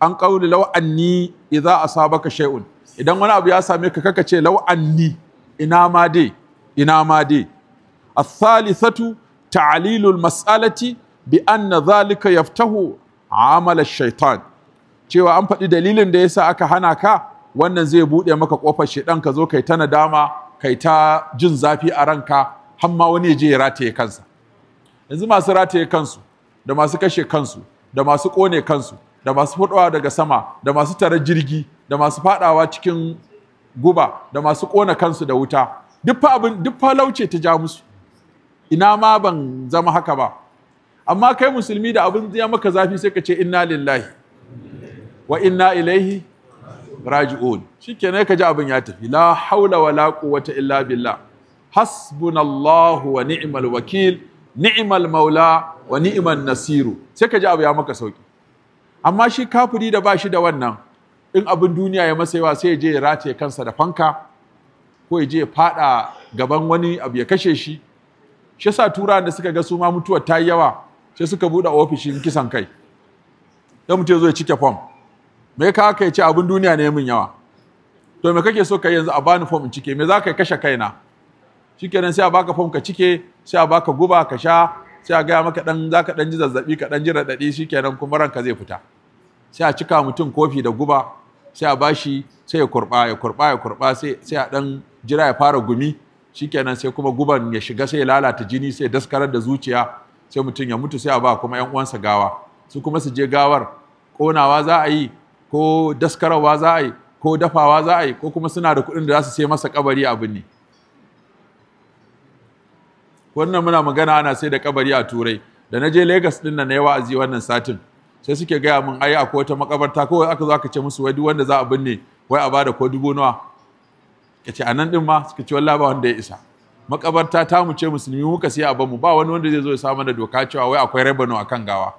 an qawli law anni idza asabaka shay'un idan wani abu ya same ka kaka ce law anni ina ma dai ina ma dai الثالثة Bi المسألة بأن ذلك يفتح Amala shaitan. cewa an faɗi dalilin da yasa aka hana ka wannan zai buɗe maka ƙofar shaidan ka zo kai ta nadama kai ta jin zafi a ranka hamma wani ya je ya rataye kansa yanzu masu rataye kansu da masu kashe kansu da masu kone kansu da masu faɗawa daga sama da masu tare jirgi da masu faɗawa cikin guba da masu kona kansu da wuta duk abin duk falauce ta ja musu ina ma ban zama haka ba amma kai musulmi da abin ya maka zafi sai ka ce inna lillahi wa inna ilaihi raji'un shikenan ka ji abin ya tafi la haula wala quwwata illa billah hasbunallahu wa ni'mal wakil ni'mal maula wa ni'man nasiru sai ka ji abu ya maka sauki amma shi kafiri da ba shi da wannan in abin duniya ya masa yawa sai ya je ya rataye kansa da fanka ko ya je ya fada gaban wani abu ya kashe shi shi sa tura da suka ga su ma mutuwar ta yi yawa sai suka buɗe ofishin kisan kai dan mutum zo ya cike form me ka ce abin duniya ne min yawa to me kake so ka yanzu a bani form in cike me za ka kashe kaina shikenan sai a baka fom ka cike sai a baka guba ka sha sai a gaya maka dan zaka dan ji zazzabi ka dan ji radadi shikenan kuma ranka zai fita sai a cika mutum kofi da guba sai a bashi sai ya kurba ya kurba ya kurba sai sai a dan jira ya fara gumi shikenan sai kuma guban ya shiga sai ya lalata jini sai daskarar da zuciya sai mutum ya mutu sai a ba kuma yan uwansa gawa su kuma su je gawar konawa za a yi ko daskararwa za a yi ko dafawa za a yi ko kuma suna da kuɗin da za su sai masa kabari abin ne wannan muna magana ana sai da kabari a turai da na je Legas din nan na yi wa'azi wannan satin sai suke gaya min ai akwai wata makabarta kawai aka zo aka ce musu wai duk wanda za a binne wai a bada ko dubu nawa ka ce anan din ma suka ce wallahi ba wanda ya isa makabarta ta mu ce musulmi muka sai a bamu ba wani wanda zai zo ya samu da doka cewa wai akwai rabano akan gawa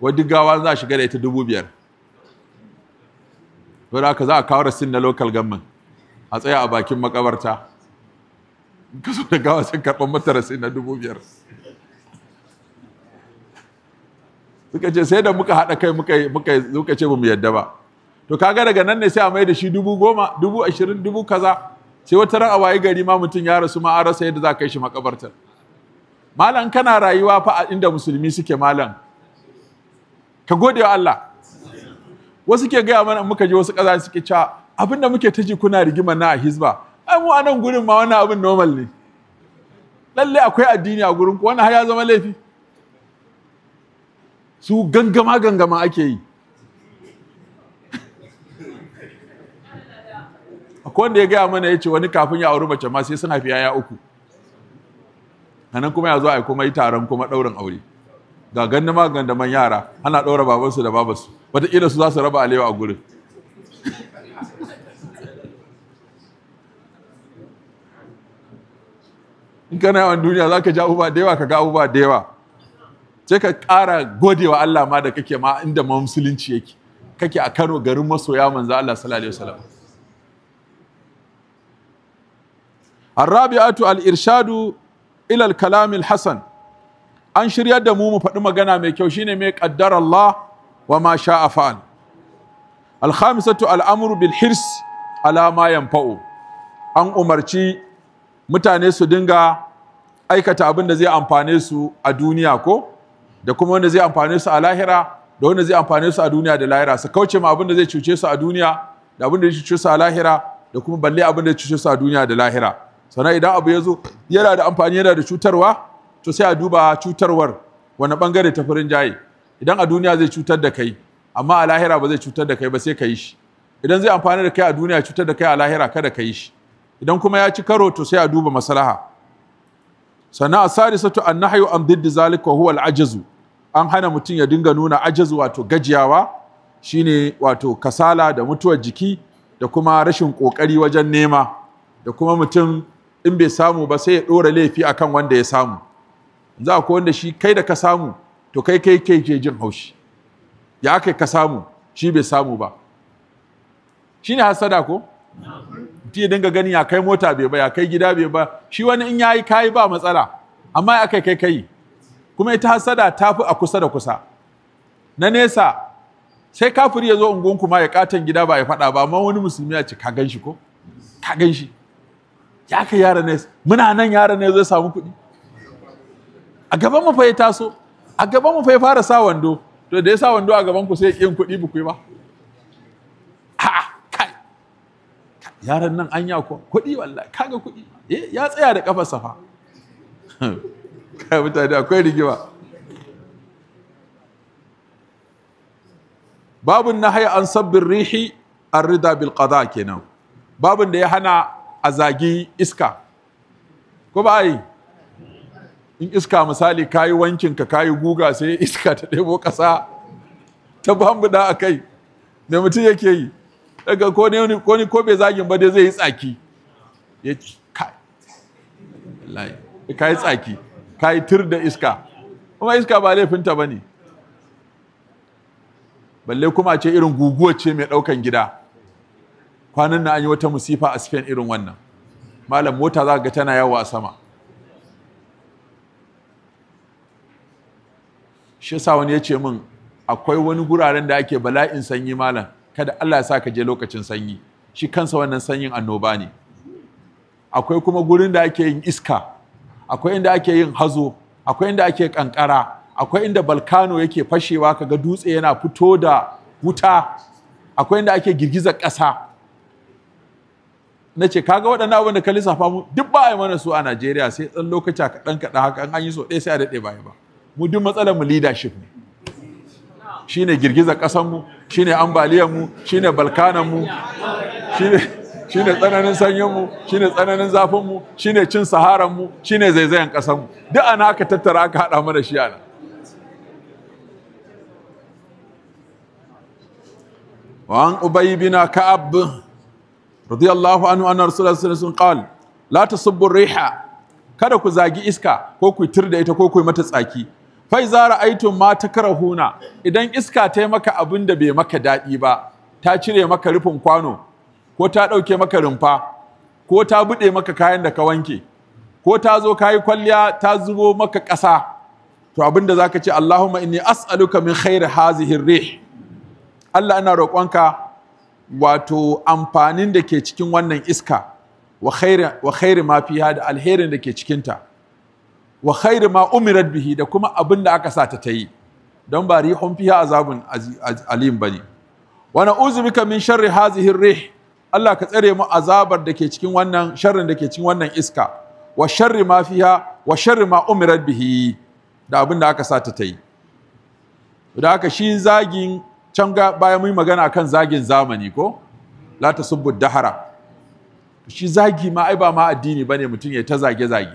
wai duk gawa za a shiga da ita dubu biyar don aka za a kawo rasin na local government a tsaya a bakin makabarta ka so da gawa sun karɓar mata rasai na dubu biyar suka ce sai da muka haɗa kai muka ce ba mu yadda ba to kaga daga nan ne sai a mai da shi dubu goma dubu ashirin dubu kaza sai wata ran a wayi gari ma mutum ya rasu ma an rasa yadda za ka yi shi makabartar malam kana rayuwa fa a inda musulmi suke malam ka gode wa Allah wasu ke gaya mana muka je wasu kaza suke cewa abinda muke ta ji kuna rigima na a hizba mu a nan gurin ma wannan abin normal ne lalle akwai addini a gurin ku wannan har ya zama laifi su gangama gangama ake yi akwai wanda ya gaya mana ya ce wani kafin ya auri mace ma sai sun haifi yaya uku nan kuma ya zo a kuma yi taron kuma ɗaurin aure ga gandama gandaman yara ana ɗaura babansu da babansu wataƙila su za su raba alewa a gurin in kana yawan duniya za ka ja abubuwa da yawa ka ga abubuwa da yawa sai ka ƙara godewa Allah ma da kake ma inda ma musulunci yake kake a Kano garin masoya manzo Allah sallallahu alaihi wasallam الرابعه الارشاد الى الكلام الحسن an shiryar da mu mu faɗi magana mai kyau shine mai qaddar Allah wa ma sha fa'al al khamisatu al amru bil hirs ala ma yanfa'u an umarci mutane su dinga aikata abin da zai amfane su a duniya ko da kuma wanda zai amfane su a lahira da wanda zai amfane su a duniya da lahira su kauce ma abin da zai cuce su a duniya da abin da zai cuce su a lahira da kuma balle abin da zai cuce su a duniya da lahira sannan idan abu ya zo yana da amfani yana da cutarwa to sai a duba cutarwar wani bangare ta farin jaye idan a duniya zai cutar da kai amma a lahira ba zai cutar da kai ba sai ka yi shi idan zai amfani da kai a duniya cutar da kai a lahira kada ka yi shi idan kuma ya ci karo to sai a duba maslaha sana a an nahyu an diddi zalika huwa al ajazu an hana mutum ya dinga nuna ajazu wato gajiyawa shine wato kasala da mutuwar jiki da kuma rashin kokari wajen nema da kuma mutum in bai samu ba sai ya dora laifi akan wanda ya samu za ku wanda shi kai da ka samu to kai kai kai ke jin haushi ya kai ka samu shi bai samu ba shine hasada ko mutum ya dinga ganin ya kai mota bai ba ya kai gida bai ba shi wani in yayi kai ba matsala amma ya kai kai kai kuma ita hasada ta fi a kusa da kusa na nesa sai kafiri ya zo unguwanku ma ya katon gida ba ya faɗa ba amma wani musulmi ya ce ka gan shi ko ka gan shi ya kai yara ne muna nan yara ne zai samu kuɗi a gaban mu fa ya taso a gaban mu fa ya fara sa wando to da ya sa wando a gaban ku sai yin kuɗi ba ku yi ba yaran nan an ya kuɗi wallahi kaga kuɗi eh ya tsaya da kafar safa kai mutane akwai rigima babun haya an sabbin rihi an bil qada kenan babun da ya hana a zagi iska ko ba yi in iska misali kayi wankin ka kayi guga sai iska ta ɗebo ƙasa ta bambuda a kai Da mutum yake yi daga ko ne ko ko bai zagin ba dai zai yi tsaki ya ci kai kai tsaki kai tur da iska kuma iska ba laifinta ba ne balle kuma ce irin guguwa ce mai ɗaukan gida kwanan na an yi wata musifa a sifin irin wannan malam mota za ga tana yawo a sama shi sa wani ya ce min akwai wani guraren da ake bala'in sanyi malam kada Allah ya sa ka je lokacin sanyi shi kansa wannan sanyin annoba ne akwai kuma gurin da ake yin iska akwai inda ake yin hazo akwai inda ake kankara akwai inda balkano yake fashewa kaga dutse yana fito da wuta akwai inda ake girgiza ƙasa na ce kaga waɗannan abin da ka lissafa mu duk ba a mana su a Najeriya sai ɗan lokaci kaɗan kaɗan haka an yi so ɗaya sai a daɗe ba mu duk matsalar mu leadership ne shine girgizar ƙasanmu shine ambaliyarmu shine balkananmu shine ne tsananin sanyinmu shine tsananin zafinmu shine cin saharanmu shine zaizayen kasanmu duk ana aka tattara aka haɗa mana shi ana wa'an ubayi بن كعب رضي الله عنه أن رسول الله صلى الله عليه وسلم riha kada ku zagi iska ko ku tir da ita ko ku mata tsaki fai zara aitun ma ta karahuna idan iska ta yi maka abin da bai maka daɗi ba ta cire maka rufin kwano ko ta ɗauke maka rumfa ko ta buɗe maka kayan da ka wanke ko ta zo ka yi kwalliya ta zubo maka ƙasa to abin da za ka ce Allahumma inni as'aluka min khairi hazihin rih Allah ana roƙonka wato amfanin da ke cikin wannan iska wa khairi ma fiha da alherin da ke cikinta wa khairu ma umirat bihi da kuma abin da aka sa ta tayi don ba rihun fiha azabun alim bane wa na'uzu bika min sharri hadhihi rih Allah ka tsare mu azabar da ke cikin wannan sharrin da ke cikin wannan iska wa sharri ma fiha wa sharri ma umirat bihi da abin da aka sa ta tayi da haka shi zagin can ga bayan mun magana akan zagin zamani ko la tasubbu dahara shi zagi ma ai ba ma addini bane mutum ya ta zage zage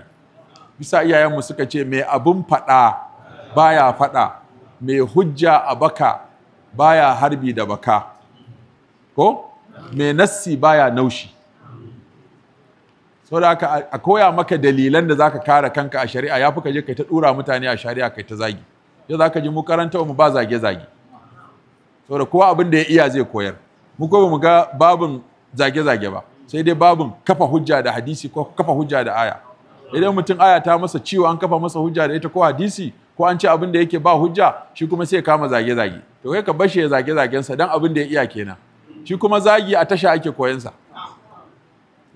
bisa iyayenmu suka ce mai abin faɗa baya faɗa mai hujja a baka baya harbi da baka ko mai nassi baya naushi saboda haka a koya maka dalilan da zaka kare kanka a shari'a yafi fi ka je kai ta dura mutane a shari'a kai ta zagi yau zaka ji mu karanta mu ba zage zage saboda kowa abin da ya iya zai koyar mu ko mu ga babin zage zage ba sai dai babin kafa hujja da hadisi ko kafa hujja da aya idan mutum aya ta masa ciwo an kafa masa hujja da ita ko hadisi ko an ci abin da yake ba hujja shi kuma sai kama zage zage to kai ka bashi ya zage zagen sa dan abin da ya iya kenan shi kuma zagi a tasha ake koyansa. sa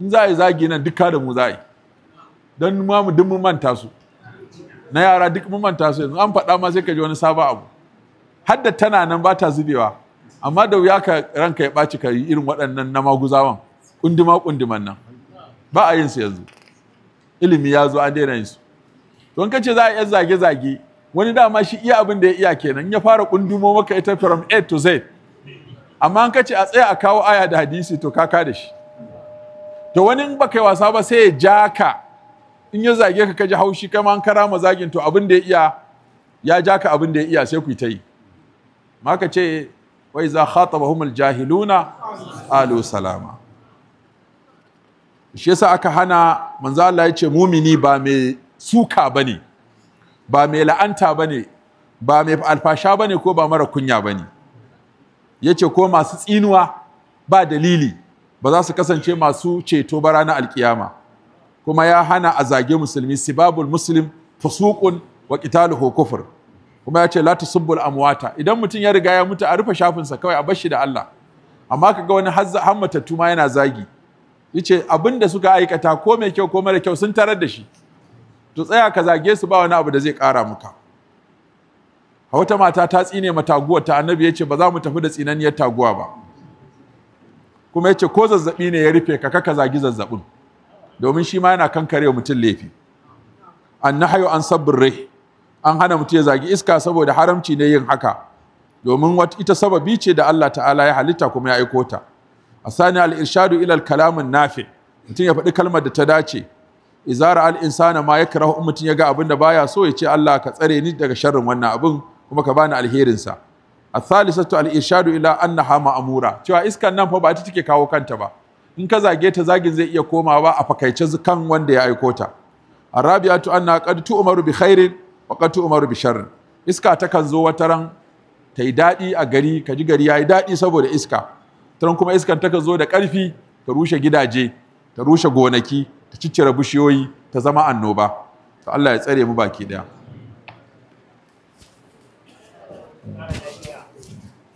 in za a yi zagi nan duka da mu za a yi don ma mu duk manta su na yara duk mun manta su yanzu an faɗa ma sai ka ji wani sabon abu har da tana nan ba ta zubewa amma da wuya ka ranka ya baci ka yi irin waɗannan na maguzawan kunduma kunduman nan ba a yin su yanzu ilimi ya zo an daina yin su don kace za a iya zage-zage wani dama shi iya abin da ya iya kenan ya fara kundumo maka ita from A to Z amma an kace a tsaya a kawo aya da hadisi to ka ka da shi to wani in baka yi wasa ba sai ya ja ka in ya zage ka kaji haushi kai ma an kara ma zagin to abin da ya iya ya ja ka abin da ya iya sai ku ta yi ka ce wai za khatabahumul jahiluna alu salama shi yasa aka hana manzo Allah ya ce mumini ba mai suka bane ba mai la'anta bane ba mai alfasha bane ko ba mara kunya bane yace ko masu tsinuwa ba dalili ba za su kasance masu ceto ba ranar alkiyama kuma ya hana a zage musulmi sibabul muslim fusuqun wa qitaluhu kufur kuma ya ce la tusubbul amwata idan mutum ya riga ya mutu a rufe shafinsa kawai a bar shi da Allah amma kaga wani hammatattu ma yana zagi yace abin da suka aikata ko mai kyau ko mara kyau sun tarar da shi to tsaya ka zage su ba wani abu da zai kara maka a wata mata ta tsine ma taguwar ta annabi yace ba za mu tafi da tsinaniyar taguwa ba kuma yace ko zazzabi ne ya rufe ka kaka zagi zazzabin domin shi ma yana kankare mutum laifi annahayu an sabbin rai an hana mutum ya zagi iska saboda haramci ne yin haka domin ita sababi ce da Allah ta'ala ya halitta kuma ya aiko ta asani al-irshadu ilar kalamin nafi mutum ya faɗi kalmar da ta dace izara al-insana ma ya in mutum ya ga abin da baya so ya ce Allah ka tsare ni daga sharrin wannan abin kuma ka bani alherin sa athalisatu al-irshadu ila a mura cewa iskan nan fa ba ta take kawo kanta ba in ka zage ta zagin zai iya komawa a fakaice kan wanda ya aiko ta arabiatu anna qad tu'maru bi khairin wa qad tu'maru bi sharrin iska ta kan zo wataran ta yi daɗi a gari ka ji gari ya yi daɗi saboda iska tun kuma iskar ta zo da ƙarfi ta rushe gidaje ta rushe gonaki ta ciccire bishiyoyi ta zama annoba to Allah ya tsare mu baki daya